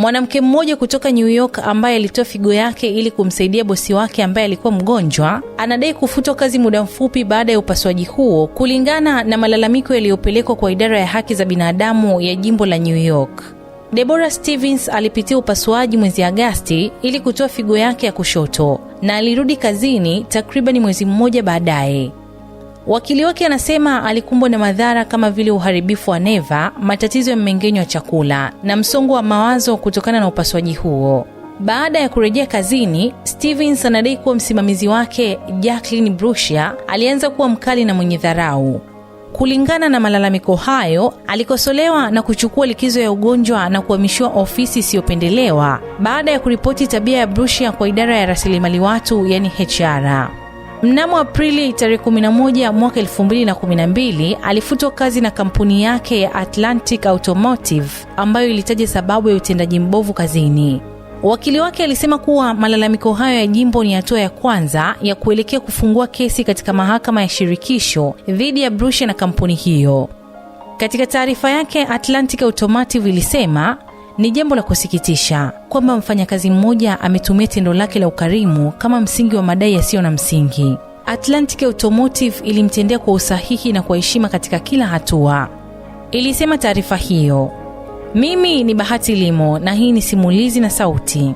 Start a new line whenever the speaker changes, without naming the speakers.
Mwanamke mmoja kutoka New York ambaye alitoa figo yake ili kumsaidia bosi wake ambaye alikuwa mgonjwa anadai kufutwa kazi muda mfupi baada ya upasuaji huo, kulingana na malalamiko yaliyopelekwa kwa idara ya haki za binadamu ya jimbo la New York. Deborah Stevens alipitia upasuaji mwezi Agasti ili kutoa figo yake ya kushoto na alirudi kazini takriban mwezi mmoja baadaye. Wakili wake anasema alikumbwa na madhara kama vile uharibifu wa neva, matatizo ya mmeng'enyo wa chakula na msongo wa mawazo kutokana na upasuaji huo. Baada ya kurejea kazini, Stevens anadai kuwa msimamizi wake Jacqueline brusia alianza kuwa mkali na mwenye dharau. Kulingana na malalamiko hayo, alikosolewa na kuchukua likizo ya ugonjwa na kuhamishiwa ofisi isiyopendelewa baada ya kuripoti tabia ya brusia kwa idara ya rasilimali watu, yani HR. Mnamo Aprili tarehe 11 mwaka 2012 alifutwa kazi na kampuni yake ya Atlantic Automotive ambayo ilitaja sababu ya utendaji mbovu kazini. Wakili wake alisema kuwa malalamiko hayo ya jimbo ni hatua ya kwanza ya kuelekea kufungua kesi katika mahakama ya shirikisho dhidi ya Brushe na kampuni hiyo. Katika taarifa yake, Atlantic Automotive ilisema ni jambo la kusikitisha kwamba mfanyakazi mmoja ametumia tendo lake la ukarimu kama msingi wa madai yasiyo na msingi. Atlantic Automotive ilimtendea kwa usahihi na kwa heshima katika kila hatua, ilisema taarifa hiyo. Mimi ni Bahati Limo na hii ni Simulizi na Sauti.